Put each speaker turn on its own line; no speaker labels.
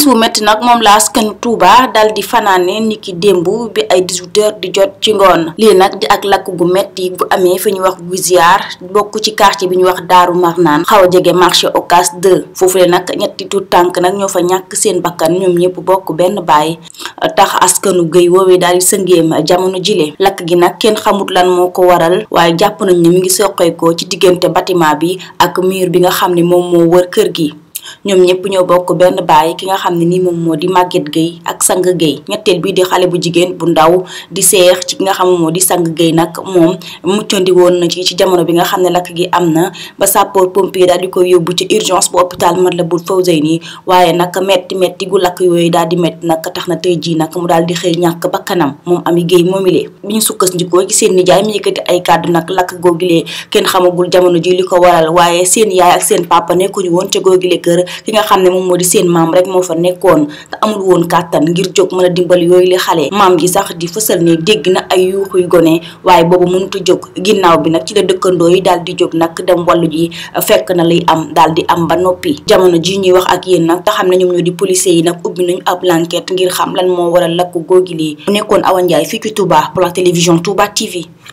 tiis wu métti nag moom laa askanu Touba dal di fanaane ki démb bi ay 18h di jot ci ngoon lii nag di ak lakk gu métti bu amee fi ñuy wax Guisiar bokk ci quartier bi ñu wax Daaru Marnaan xaw a jege marché Ocass 2 foofule nag ñetti tuut tànk nag ñoo fa ñàkk seen bakkan ñoom ñëpp bokk benn baay tax askanu géey woowee daal di sëngeem jamono jile lakk gi nag kenn xamut lan moo ko waral waaye jàpp nañ ne mi ngi soqeekoo ci diggante bâtiment bi ak miir bi nga xam ne moom moo wër kër gi. ñoom ñëpp ñoo bokk benn baay ki nga xam ne ni moom moo di Maguette Gueye ak Sang Gueye ñetteel bi di xale bu jigéen bu ndaw di seex ci nga xam moo di Sang Gueye nag moom muccandi woon na ci ci jamono bi nga xam ne lakk gi am na ba sapeur pompier daal di koy yóbbu ci urgence bu hôpital Matlaboul waaye nag metti metti lakk yooyu daal di metti nag tax na tey jii nag mu daal di xëy ñàkk bakkanam moom Ami Gueye moomilee bi ñu sukkandikoo ci seen nijaay mi yëkkati ay kàddu nag lakk googilee kenn xamagul jamono ji li ko waral waaye seen yaay ak seen papa nekkuñu woon ca googilee kër kër ki nga xam ne moom moo di seen maam rek moo fa nekkoon te amul woon kàttan ngir jóg mën a dimbal yooyu li xale maam gi sax di fësal ne dégg na ay yuuxuy gone waaye boobu mënut a jóg ginnaaw bi nag ci la dëkkandoo yi daal di jóg nag dem wàllu ji fekk na liy am daal di am ba noppi jamono ji ñuy wax ak yéen nag nga xam ne ñoom ñoo di policiers yi nag ubbi nañu ab enquête ngir xam lan moo waral lakk góor gi mu nekkoon Awa Ndiaye fii ci Touba pour la télévision Touba TV